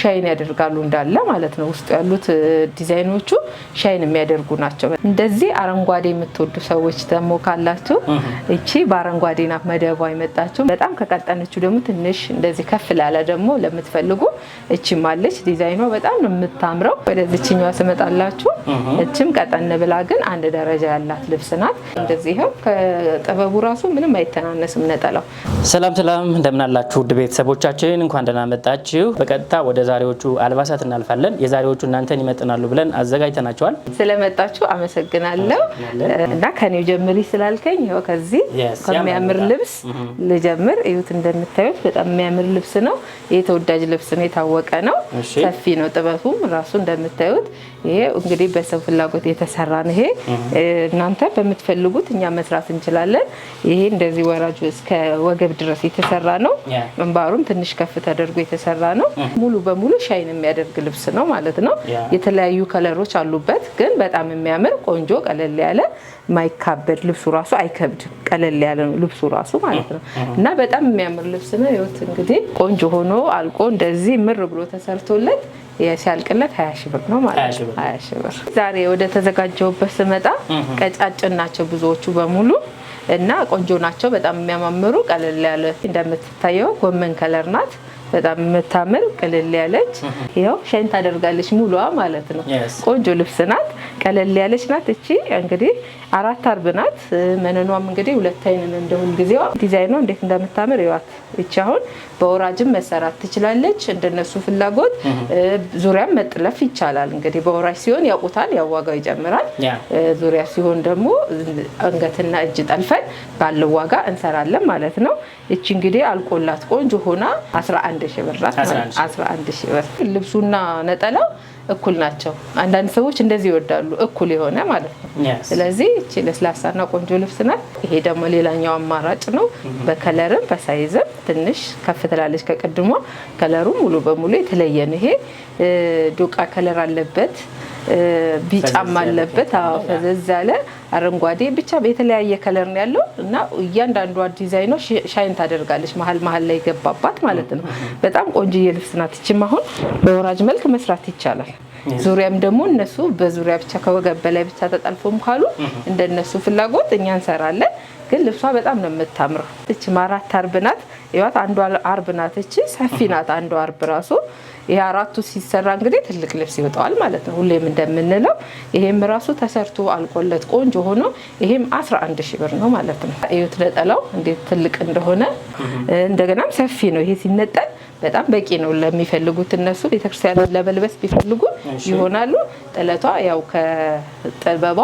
ሻይን ያደርጋሉ እንዳለ ማለት ነው። ውስጡ ያሉት ዲዛይኖቹ ሻይን የሚያደርጉ ናቸው። እንደዚህ አረንጓዴ የምትወዱ ሰዎች ደግሞ ካላችሁ እቺ በአረንጓዴ ናት መደቧ አይመጣችሁም። በጣም ከቀጠነችው ደግሞ ትንሽ እንደዚህ ከፍ ላለ ደግሞ ለምትፈልጉ እቺም አለች። ዲዛይኗ በጣም ነው የምታምረው። ወደዚችኛዋ ስመጣላችሁ እችም ቀጠን ብላ ግን አንድ ደረጃ ያላት ልብስ ናት። እንደዚህም ከጥበቡ ራሱ ምንም አይተናነስም ነጠላው። ሰላም ሰላም፣ እንደምናላችሁ ውድ ቤተሰቦቻችን እንኳን ደህና መጣችሁ። በቀጥታ ወደ ዛሬዎቹ አልባሳት እናልፋለን። የዛሬዎቹ እናንተን ይመጥናሉ ብለን አዘጋጅተናቸዋል። ስለመጣችሁ አመሰግናለሁ እና ከኔው ጀምሪ ስላልከኝ ይኸው ከዚህ ከሚያምር ልብስ ልጀምር። እዩት፣ እንደምታዩት በጣም የሚያምር ልብስ ነው። ይህ ተወዳጅ ልብስ ነው፣ የታወቀ ነው፣ ሰፊ ነው። ጥበቱም ራሱ እንደምታዩት ይሄ እንግዲህ በሰው ፍላጎት የተሰራ ነው። ይሄ እናንተ በምትፈልጉት እኛ መስራት እንችላለን። ይሄ እንደዚህ ወራጁ እስከ ወገብ ድረስ የተሰራ ነው። ግንባሩም ትንሽ ከፍ ተደርጎ የተሰራ ነው ሙሉ በሙሉ ሻይን የሚያደርግ ልብስ ነው ማለት ነው። የተለያዩ ከለሮች አሉበት፣ ግን በጣም የሚያምር ቆንጆ ቀለል ያለ ማይካበድ ልብሱ ራሱ አይከብድም። ቀለል ያለ ነው ልብሱ ራሱ ማለት ነው እና በጣም የሚያምር ልብስ ነው። ይኸውት እንግዲህ ቆንጆ ሆኖ አልቆ እንደዚህ ምር ብሎ ተሰርቶለት ሲያልቅለት ሀያ ሺህ ብር ነው ማለት ነው። ሀያ ብር። ዛሬ ወደ ተዘጋጀውበት ስመጣ ቀጫጭን ናቸው ብዙዎቹ በሙሉ እና ቆንጆ ናቸው። በጣም የሚያማምሩ ቀለል ያለ እንደምትታየው ጎመን ከለር ናት። በጣም የምታምር ቅልል ያለች ይኸው ሸን ታደርጋለች ሙሉዋ ማለት ነው። ቆንጆ ልብስ ናት። ቀለል ያለች ናት። እቺ እንግዲህ አራት አርብ ናት። መነኗም እንግዲህ ሁለት አይንን እንደሁን ጊዜዋ ዲዛይኗ እንዴት እንደምታምር ይዋት። እቺ አሁን በወራጅም መሰራት ትችላለች፣ እንደነሱ ፍላጎት ዙሪያም መጥለፍ ይቻላል። እንግዲህ በወራጅ ሲሆን ያውቁታል፣ ያው ዋጋው ይጨምራል። ዙሪያ ሲሆን ደግሞ አንገትና እጅ ጠልፈን ባለው ዋጋ እንሰራለን ማለት ነው። እቺ እንግዲህ አልቆላት ቆንጆ ሆና 11 ሺህ ብር ናት። 11 ብር ልብሱና ነጠላው እኩል ናቸው። አንዳንድ ሰዎች እንደዚህ ይወዳሉ፣ እኩል የሆነ ማለት ነው። ስለዚህ እቺ ለስላሳና ቆንጆ ልብስ ናት። ይሄ ደግሞ ሌላኛው አማራጭ ነው። mm-hmm. በከለርም በሳይዝም ትንሽ ከፍ ትላለች ከቅድሟ። ከለሩ ሙሉ በሙሉ የተለየ ነው። ይሄ ዶቃ ከለር አለበት። ቢጫም አለበት። ፈዘዝ ያለ አረንጓዴ፣ ብቻ የተለያየ ከለር ነው ያለው እና እያንዳንዷ ዲዛይኗ ሻይን ታደርጋለች መሀል መሀል ላይ ገባባት ማለት ነው። በጣም ቆንጆዬ ልብስ ናት። ይችም አሁን በወራጅ መልክ መስራት ይቻላል። ዙሪያም ደግሞ እነሱ በዙሪያ ብቻ ከወገብ በላይ ብቻ ተጠልፎም ካሉ እንደነሱ ፍላጎት እኛ እንሰራለን። ግን ልብሷ በጣም ነው የምታምረው። እች አራት አርብ ናት ይዋት አንዷ አርብ ናት። ሰፊ ናት አንዷ አርብ ራሱ ይሄ አራቱ ሲሰራ እንግዲህ ትልቅ ልብስ ይወጣዋል ማለት ነው። ሁሌም እንደምንለው ይሄም ራሱ ተሰርቶ አልቆለት ቆንጆ ሆኖ ይሄም አንድ ሺ ብር ነው ማለት ነው። እዩት ነጠላው እንዴት ትልቅ እንደሆነ እንደገናም ሰፊ ነው። ይሄ ሲነጠል በጣም በቂ ነው ለሚፈልጉት እነሱ ቤተክርስቲያን ለመልበስ ቢፈልጉ ይሆናሉ። ጥለቷ ያው ከጥበቧ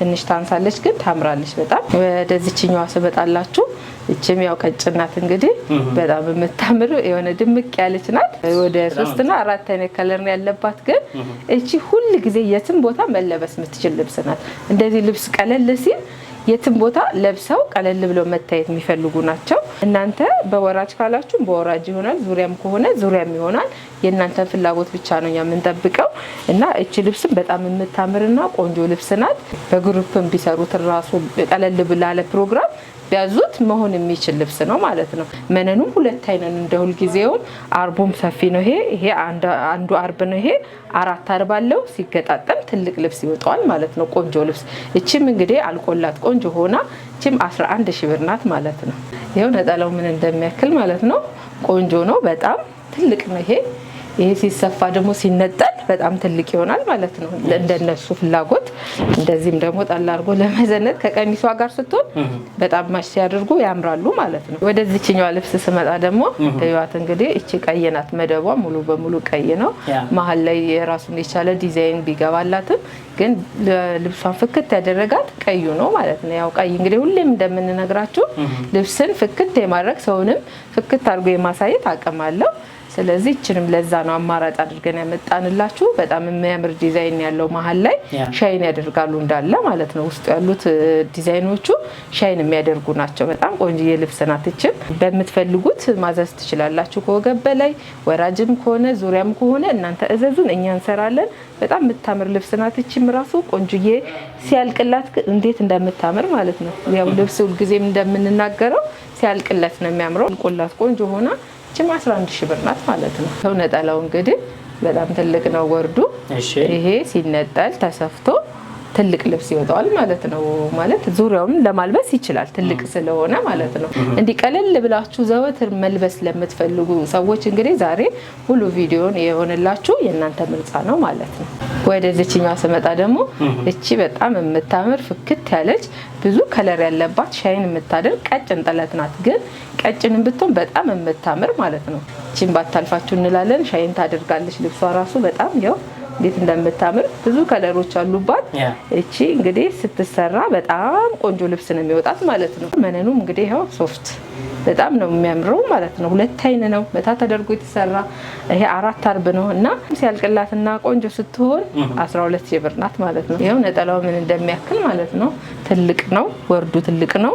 ትንሽ ታንሳለች፣ ግን ታምራለች በጣም። ወደዚችኛዋ ስመጣላችሁ እችም ያው ቀጭን ናት እንግዲህ በጣም የምታምር የሆነ ድምቅ ያለች ናት። ወደ ሶስትና አራት አይነት ከለር ነው ያለባት። ግን እቺ ሁል ጊዜ የትም ቦታ መለበስ የምትችል ልብስ ናት። እንደዚህ ልብስ ቀለል ሲል የትም ቦታ ለብሰው ቀለል ብለው መታየት የሚፈልጉ ናቸው። እናንተ በወራጅ ካላችሁም በወራጅ ይሆናል፣ ዙሪያም ከሆነ ዙሪያም ይሆናል። የእናንተን ፍላጎት ብቻ ነው የምንጠብቀው እና እቺ ልብስም በጣም የምታምርና ቆንጆ ልብስ ናት። በግሩፕም ቢሰሩት ራሱ ቀለል ብላለ ፕሮግራም ቢያዙት መሆን የሚችል ልብስ ነው ማለት ነው። መነኑም ሁለት አይነን እንደ ሁልጊዜውም አርቡም ሰፊ ነው። ይሄ ይሄ አንዱ አርብ ነው። ይሄ አራት አርብ አለው። ሲገጣጠም ትልቅ ልብስ ይወጣዋል ማለት ነው። ቆንጆ ልብስ። እችም እንግዲህ አልቆላት ቆንጆ ሆና እችም 11 ሺ ብር ናት ማለት ነው። ይኸው ነጠላው ምን እንደሚያክል ማለት ነው። ቆንጆ ነው በጣም ትልቅ ነው ይሄ ይሄ ሲሰፋ ደግሞ ሲነጠል በጣም ትልቅ ይሆናል ማለት ነው። እንደነሱ ፍላጎት እንደዚህም ደግሞ ጣል አድርጎ ለመዘነት ከቀሚሷ ጋር ስትሆን በጣም ማሽ ሲያደርጉ ያምራሉ ማለት ነው። ወደዚችኛዋ ልብስ ስመጣ ደግሞ እዩዋት እንግዲህ እቺ ቀይ ናት። መደቧ ሙሉ በሙሉ ቀይ ነው። መሀል ላይ የራሱን የቻለ ዲዛይን ቢገባላትም ግን ልብሷን ፍክት ያደረጋት ቀዩ ነው ማለት ነው። ያው ቀይ እንግዲህ ሁሌም እንደምንነግራችሁ ልብስን ፍክት የማድረግ ሰውንም ፍክት አድርጎ የማሳየት አቅም አለው። ስለዚህ ይችንም ለዛ ነው አማራጭ አድርገን ያመጣንላችሁ። በጣም የሚያምር ዲዛይን ያለው መሀል ላይ ሻይን ያደርጋሉ እንዳለ ማለት ነው። ውስጡ ያሉት ዲዛይኖቹ ሻይን የሚያደርጉ ናቸው። በጣም ቆንጅዬ ልብስ ናት። ይችም በምትፈልጉት ማዘዝ ትችላላችሁ። ከወገብ በላይ ወራጅም ከሆነ ዙሪያም ከሆነ እናንተ እዘዙን፣ እኛ እንሰራለን። በጣም የምታምር ልብስ ናት። ይችም ራሱ ቆንጅዬ ሲያልቅላት እንዴት እንደምታምር ማለት ነው። ያው ልብስ ሁልጊዜም እንደምንናገረው ሲያልቅለት ነው የሚያምረው። ቆላት ቆንጆ ሆና ይችም 11 ሺ ብር ናት ማለት ነው። ሰው ነጠላው እንግዲህ በጣም ትልቅ ነው ወርዱ። ይሄ ሲነጠል ተሰፍቶ ትልቅ ልብስ ይወጣዋል ማለት ነው። ማለት ዙሪያውን ለማልበስ ይችላል ትልቅ ስለሆነ ማለት ነው። እንዲህ ቀለል ብላችሁ ዘወትር መልበስ ለምትፈልጉ ሰዎች እንግዲህ ዛሬ ሙሉ ቪዲዮን የሆነላችሁ የእናንተ ምርጫ ነው ማለት ነው። ወደ ስመጣ ደግሞ እቺ በጣም የምታምር ፍክት ያለች ብዙ ከለር ያለባት ሻይን የምታደርግ ቀጭን ጥለት ናት። ግን ቀጭንም ብትሆን በጣም የምታምር ማለት ነው። እቺን ባታልፋችሁ እንላለን። ሻይን ታደርጋለች ልብሷ ራሱ በጣም ያው እንዴት እንደምታምር ብዙ ከለሮች አሉባት። እቺ እንግዲህ ስትሰራ በጣም ቆንጆ ልብስ ነው የሚወጣት ማለት ነው። መነኑም እንግዲህ ያው ሶፍት በጣም ነው የሚያምረው ማለት ነው። ሁለት አይን ነው በታ ተደርጎ የተሰራ ይሄ አራት አርብ ነው እና ሲያልቅላትና ቆንጆ ስትሆን 12 ሺህ ብር ናት ማለት ነው። ይኸው ነጠላው ምን እንደሚያክል ማለት ነው። ትልቅ ነው፣ ወርዱ ትልቅ ነው፣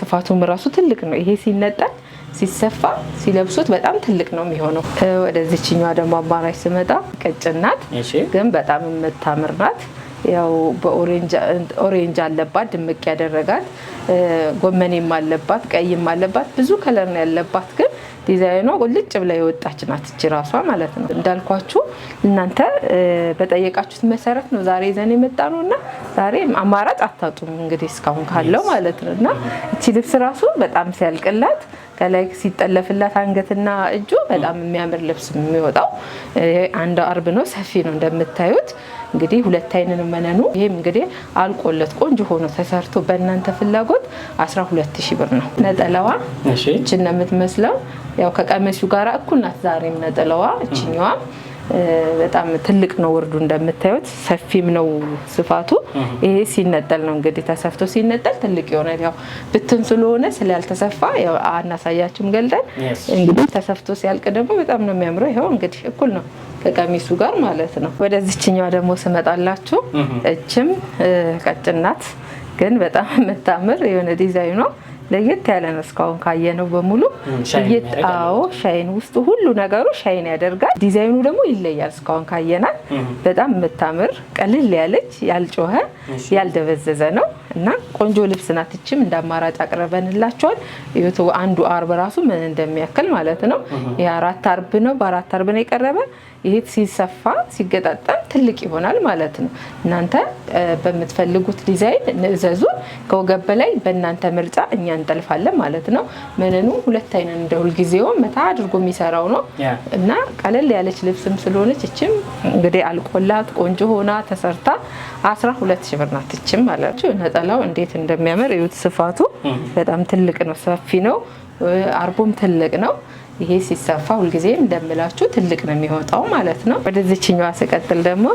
ስፋቱም ራሱ ትልቅ ነው። ይሄ ሲነጠል ሲሰፋ ሲለብሱት በጣም ትልቅ ነው የሚሆነው። ወደዚችኛዋ ደግሞ አማራጭ ስመጣ ቀጭን ናት፣ ግን በጣም የምታምር ናት። ያው በኦሬንጅ አለባት ድምቅ ያደረጋት፣ ጎመኔም አለባት፣ ቀይም አለባት፣ ብዙ ከለር ነው ያለባት። ግን ዲዛይኗ ልጭ ብላ የወጣች ናት እች ራሷ ማለት ነው። እንዳልኳችሁ እናንተ በጠየቃችሁት መሰረት ነው ዛሬ ይዘን የመጣ ነው እና ዛሬ አማራጭ አታጡም እንግዲህ እስካሁን ካለው ማለት ነው። እና እቺ ልብስ ራሱ በጣም ሲያልቅላት ከላይ ሲጠለፍላት አንገትና እጁ በጣም የሚያምር ልብስ የሚወጣው አንድ አርብ ነው። ሰፊ ነው እንደምታዩት እንግዲህ ሁለት አይንን መነኑ ይህም እንግዲህ አልቆለት ቆንጆ ሆኖ ተሰርቶ በእናንተ ፍላጎት 12 ሺህ ብር ነው። ነጠላዋ እችን የምትመስለው። ያው ከቀሚሱ ጋር እኩል ናት። ዛሬም ነጠላዋ እችኛዋ በጣም ትልቅ ነው። ወርዱ እንደምታዩት ሰፊም ነው ስፋቱ። ይሄ ሲነጠል ነው እንግዲህ ተሰፍቶ ሲነጠል ትልቅ ይሆናል። ያው ብትን ስለሆነ ስላልተሰፋ አናሳያችሁም ገልጠን እንግዲህ ተሰፍቶ ሲያልቅ ደግሞ በጣም ነው የሚያምረው። ይኸው እንግዲህ እኩል ነው ከቀሚሱ ጋር ማለት ነው። ወደዚችኛዋ ደግሞ ስመጣላችሁ እችም ቀጭን ናት፣ ግን በጣም የምታምር የሆነ ዲዛይኗ ለየት ያለ ነው። እስካሁን ካየነው በሙሉ ይጣው ሻይን ውስጥ ሁሉ ነገሩ ሻይን ያደርጋል። ዲዛይኑ ደግሞ ይለያል። እስካሁን ካየናል በጣም የምታምር ቀልል ያለች ያልጮኸ ያልደበዘዘ ነው እና ቆንጆ ልብስ ናት። እችም እንደ አማራጭ አቅርበንላቸዋል። አንዱ አርብ ራሱ ምን እንደሚያክል ማለት ነው። የአራት አርብ ነው። በአራት አርብ ነው የቀረበ ይሄ ሲሰፋ ሲገጣጠም ትልቅ ይሆናል ማለት ነው። እናንተ በምትፈልጉት ዲዛይን እዘዙን። ከወገብ በላይ በእናንተ ምርጫ እኛ እንጠልፋለን ማለት ነው። መነኑ ሁለት አይነት እንደ ሁልጊዜው መታ አድርጎ የሚሰራው ነው እና ቀለል ያለች ልብስም ስለሆነች እችም እንግዲህ አልቆላት ቆንጆ ሆና ተሰርታ አስራ ሁለት ሺህ ብር ናት። እችም አላችሁ ነጠላው እንዴት እንደሚያምር እዩት። ስፋቱ በጣም ትልቅ ነው፣ ሰፊ ነው። አርቦም ትልቅ ነው። ይሄ ሲሰፋ ሁልጊዜ እንደምላችሁ ትልቅ ነው የሚወጣው ማለት ነው። ወደዚችኛዋ ስቀጥል ደግሞ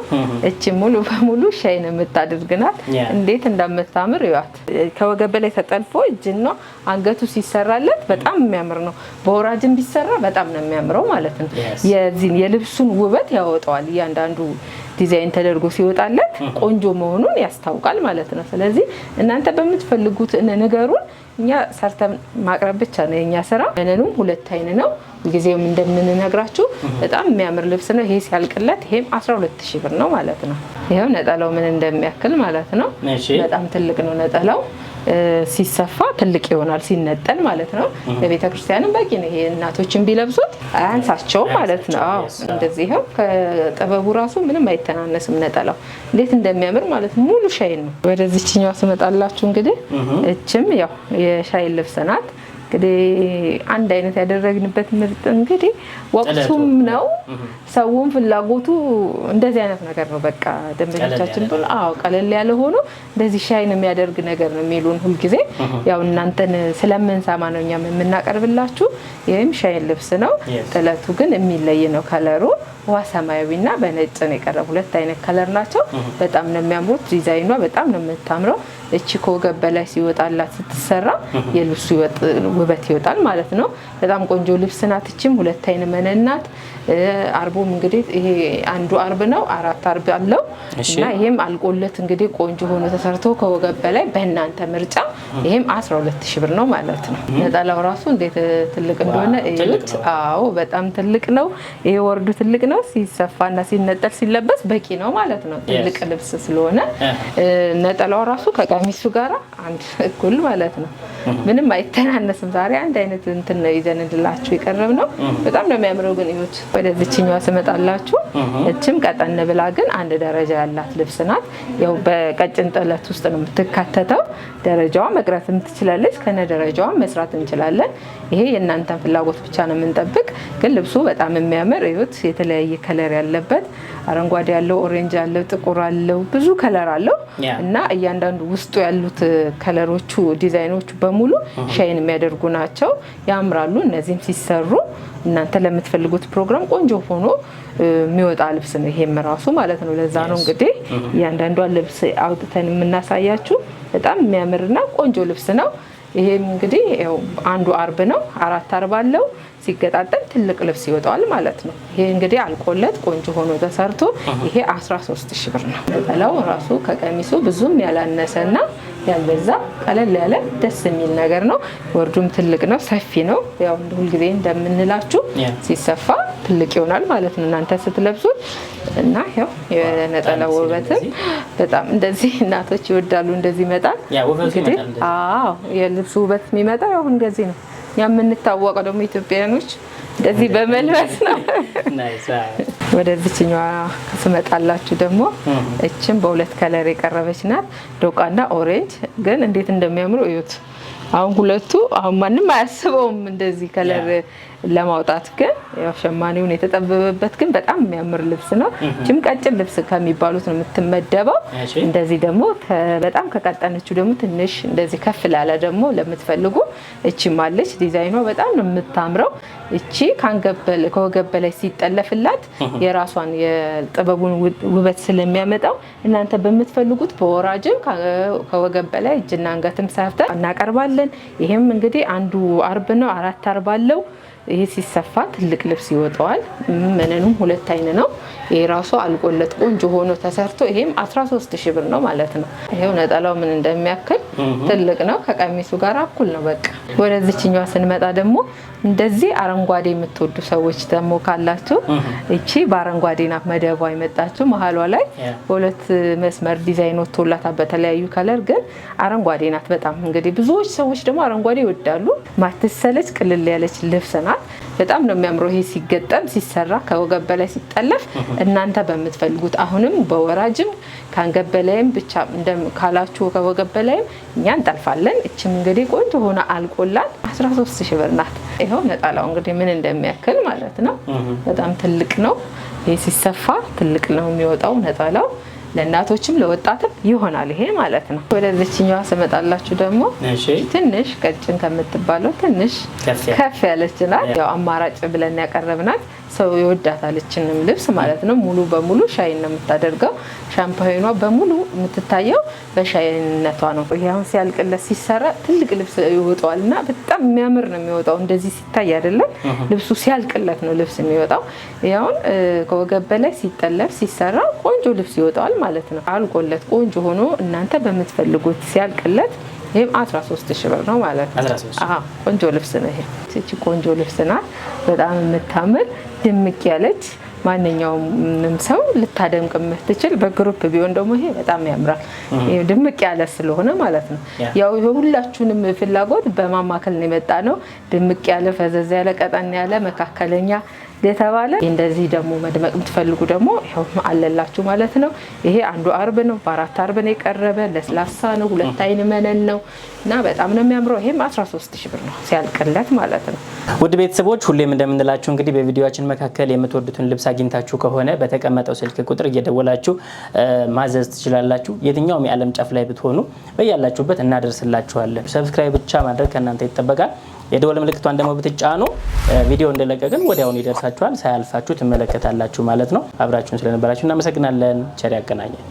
እች ሙሉ በሙሉ ሻይን የምታደርግናት እንዴት እንደምታምር ይዋት። ከወገብ በላይ ተጠልፎ እጅና አንገቱ ሲሰራለት በጣም የሚያምር ነው። በወራጅን ቢሰራ በጣም ነው የሚያምረው ማለት ነው። የዚህን የልብሱን ውበት ያወጣዋል። እያንዳንዱ ዲዛይን ተደርጎ ሲወጣለት ቆንጆ መሆኑን ያስታውቃል ማለት ነው። ስለዚህ እናንተ በምትፈልጉት ነገሩን እኛ ሰርተን ማቅረብ ብቻ ነው የኛ ስራ። መነኑም ሁለት አይን ነው። ጊዜውም እንደምንነግራችሁ በጣም የሚያምር ልብስ ነው። ይሄ ሲያልቅለት ይሄም 12 ሺህ ብር ነው ማለት ነው። ይኸው ነጠላው ምን እንደሚያክል ማለት ነው። በጣም ትልቅ ነው ነጠላው። ሲሰፋ ትልቅ ይሆናል ሲነጠል ማለት ነው። ለቤተ ክርስቲያንም በቂ ነው። ይሄ እናቶችን ቢለብሱት አያንሳቸውም ማለት ነው። እንደዚህ ከጥበቡ ራሱ ምንም አይተናነስም። ነጠላው እንዴት እንደሚያምር ማለት ሙሉ ሻይን ነው። ወደዚችኛዋ ስመጣላችሁ እንግዲህ እችም ያው የሻይን ልብስ ናት። እንግዲህ አንድ አይነት ያደረግንበት ምርጥ እንግዲህ ወቅቱም ነው ሰውም ፍላጎቱ እንደዚህ አይነት ነገር ነው። በቃ ደንበኞቻችን ብሎ አዎ ቀለል ያለ ሆኖ እንደዚህ ሻይን የሚያደርግ ነገር ነው የሚሉን ሁልጊዜ። ያው እናንተን ስለምንሰማ ነው እኛም የምናቀርብላችሁ። ይህም ሻይን ልብስ ነው። ጥለቱ ግን የሚለይ ነው። ከለሩ ውሃ ሰማያዊና በነጭ ነው የቀረብ ሁለት አይነት ከለር ናቸው። በጣም ነው የሚያምሩት። ዲዛይኗ በጣም ነው የምታምረው። እቺ ከወገብ በላይ ሲወጣላት ስትሰራ የልብሱ ውበት ይወጣል ማለት ነው። በጣም ቆንጆ ልብስ ናት። እችም ሁለት አይን መነናት። አርቦም እንግዲህ ይሄ አንዱ አርብ ነው፣ አራት አርብ አለው እና ይሄም አልቆለት እንግዲህ ቆንጆ ሆኖ ተሰርቶ ከወገብ በላይ በእናንተ ምርጫ ይሄም 12 ሺ ብር ነው ማለት ነው። ነጠላው ራሱ እንዴት ትልቅ እንደሆነ እዩት። አዎ በጣም ትልቅ ነው። ይሄ ወርዱ ትልቅ ነው። ሲሰፋና ሲነጠል ሲለበስ በቂ ነው ማለት ነው። ትልቅ ልብስ ስለሆነ ነጠላው ራሱ ከቀ ከሚስቱ ጋራ አንድ እኩል ማለት ነው። ምንም አይተናነስም። ዛሬ አንድ አይነት እንትን ነው ይዘን እንድላችሁ የቀረብ ነው። በጣም ነው የሚያምረው። ግን ይሁት ወደዚችኛዋ ስመጣላችሁ፣ እችም ቀጠን ብላ ግን አንድ ደረጃ ያላት ልብስ ናት። ያው በቀጭን ጥለት ውስጥ ነው የምትካተተው። ደረጃዋ መቅረትም ትችላለች። ከነ ደረጃዋ መስራት እንችላለን። ይሄ የእናንተን ፍላጎት ብቻ ነው የምንጠብቅ። ግን ልብሱ በጣም የሚያምር ይሁት፣ የተለያየ ከለር ያለበት አረንጓዴ ያለው፣ ኦሬንጅ ያለው፣ ጥቁር አለው፣ ብዙ ከለር አለው እና እያንዳንዱ ውስጡ ያሉት ከለሮቹ፣ ዲዛይኖቹ በሙሉ ሻይን የሚያደርጉ ናቸው፣ ያምራሉ። እነዚህም ሲሰሩ እናንተ ለምትፈልጉት ፕሮግራም ቆንጆ ሆኖ የሚወጣ ልብስ ነው። ይሄም ራሱ ማለት ነው። ለዛ ነው እንግዲህ እያንዳንዷን ልብስ አውጥተን የምናሳያችሁ። በጣም የሚያምርና ቆንጆ ልብስ ነው። ይሄም እንግዲህ ያው አንዱ አርብ ነው። አራት አርብ አለው። ሲገጣጠም ትልቅ ልብስ ይወጣዋል ማለት ነው። ይሄ እንግዲህ አልቆለት ቆንጆ ሆኖ ተሰርቶ ይሄ 13 ሺህ ብር ነው። ጠላው ራሱ ከቀሚሱ ብዙም ያላነሰ ና። ያልበዛ ቀለል ያለ ደስ የሚል ነገር ነው። ወርዱም ትልቅ ነው፣ ሰፊ ነው። ያው ሁልጊዜ እንደምንላችሁ ሲሰፋ ትልቅ ይሆናል ማለት ነው እናንተ ስትለብሱት እና ያው የነጠላው ውበትም በጣም እንደዚህ እናቶች ይወዳሉ። እንደዚህ ይመጣል እንግዲህ። አዎ የልብሱ ውበት የሚመጣ ያው እንደዚህ ነው። ያ የምንታወቀው ደግሞ ኢትዮጵያውያኖች እንደዚህ በመልበስ ነው። ወደ ብችኛዋ ስመጣላችሁ ደግሞ እችም በሁለት ከለር የቀረበች ናት፣ ዶቃና ኦሬንጅ ግን እንዴት እንደሚያምሩ እዩት። አሁን ሁለቱ አሁን ማንም አያስበውም እንደዚህ ከለር ለማውጣት ግን ያው ሸማኔውን የተጠበበበት ግን በጣም የሚያምር ልብስ ነው። ችም ቀጭን ልብስ ከሚባሉት ነው የምትመደበው። እንደዚህ ደግሞ በጣም ከቀጠነችው ደግሞ ትንሽ እንደዚህ ከፍ ላለ ደግሞ ለምትፈልጉ እቺ ማለች። ዲዛይኗ በጣም ነው የምታምረው። እቺ ከወገብ በላይ ሲጠለፍላት የራሷን የጥበቡን ውበት ስለሚያመጣው እናንተ በምትፈልጉት በወራጅም ከወገብ በላይ እጅና አንገትም ሰርተን እናቀርባለን። ይህም እንግዲህ አንዱ አርብ ነው፣ አራት አርብ አለው። ይሄ ሲሰፋ ትልቅ ልብስ ይወጣዋል። መነኑም ሁለት አይን ነው። የራሱ አልቆለት ቆንጆ ሆኖ ተሰርቶ ይሄም 13 ሺ ብር ነው ማለት ነው። ይሄው ነጠላው ምን እንደሚያክል ትልቅ ነው። ከቀሚሱ ጋር እኩል ነው። በቃ ወደዚችኛዋ ስንመጣ ደግሞ እንደዚህ አረንጓዴ የምትወዱ ሰዎች ደግሞ ካላችሁ እቺ በአረንጓዴ ናት መደቧ የመጣችው መሀሏ ላይ በሁለት መስመር ዲዛይን ወጥቶላታል በተለያዩ ከለር ግን አረንጓዴ ናት በጣም እንግዲህ ብዙዎች ሰዎች ደግሞ አረንጓዴ ይወዳሉ። ማትሰለች ቅልል ያለች ልብስ ናት። በጣም ነው የሚያምረው። ይሄ ሲገጠም ሲሰራ ከወገብ በላይ ሲጠለፍ እናንተ በምትፈልጉት አሁንም በወራጅም ከአንገት በላይም ብቻ ካላችሁ ከወገብ በላይም እኛ እንጠልፋለን። እችም እንግዲህ ቆንጆ ሆነ አልቆላት 13 ሺ ብር ናት። ይኸው ነጠላው እንግዲህ ምን እንደሚያክል ማለት ነው። በጣም ትልቅ ነው። ይህ ሲሰፋ ትልቅ ነው የሚወጣው ነጠላው ለእናቶችም ለወጣትም ይሆናል ይሄ ማለት ነው። ወደ ዚችኛዋ ስመጣላችሁ ደግሞ ትንሽ ቀጭን ከምትባለው ትንሽ ከፍ ያለች ናት። ያው አማራጭ ብለን ያቀረብናት ሰው ይወዳታል። ይችንም ልብስ ማለት ነው ሙሉ በሙሉ ሻይን ነው የምታደርገው። ሻምፓይኗ በሙሉ የምትታየው በሻይነቷ ነው። ይሄ አሁን ሲያልቅለት ሲሰራ ትልቅ ልብስ ይወጣዋል እና በጣም የሚያምር ነው የሚወጣው። እንደዚህ ሲታይ አይደለም ልብሱ ሲያልቅለት ነው ልብስ የሚወጣው። ይሁን ከወገብ በላይ ሲጠለፍ ሲሰራ ቆንጆ ልብስ ይወጣዋል። ማለት ነው። አልቆለት ቆንጆ ሆኖ እናንተ በምትፈልጉት ሲያልቅለት ይህም 13 ሺ ብር ነው ማለት ነው። ቆንጆ ልብስ ነው ይሄ። እቺ ቆንጆ ልብስ ናት፣ በጣም የምታምር ድምቅ ያለች ማንኛውም ሰው ልታደምቅ የምትችል በግሩፕ ቢሆን ደግሞ ይሄ በጣም ያምራል። ድምቅ ያለ ስለሆነ ማለት ነው። ያው የሁላችሁንም ፍላጎት በማማከል ነው የመጣ ነው። ድምቅ ያለ፣ ፈዘዝ ያለ፣ ቀጠን ያለ፣ መካከለኛ የተባለ እንደዚህ ደግሞ መድመቅ የምትፈልጉ ደግሞ ይኸው አለላችሁ ማለት ነው። ይሄ አንዱ አርብ ነው፣ በአራት አርብ ነው የቀረበ ለስላሳ ነው፣ ሁለት አይን መነን ነው እና በጣም ነው የሚያምረው። ይሄም 13 ሺ ብር ነው ሲያልቅለት ማለት ነው። ውድ ቤተሰቦች ሁሌም እንደምንላችሁ እንግዲህ በቪዲዮችን መካከል የምትወዱትን ልብስ አግኝታችሁ ከሆነ በተቀመጠው ስልክ ቁጥር እየደወላችሁ ማዘዝ ትችላላችሁ። የትኛውም የዓለም ጫፍ ላይ ብትሆኑ በያላችሁበት እናደርስላችኋለን። ሰብስክራይብ ብቻ ማድረግ ከእናንተ ይጠበቃል። የደወል ምልክቷን ደግሞ ብትጫኑ ቪዲዮ እንደለቀቅን ወዲያውኑ ይደርሳችኋል፣ ሳያልፋችሁ ትመለከታላችሁ ማለት ነው። አብራችሁን ስለነበራችሁ እናመሰግናለን። ቸር ያገናኘን።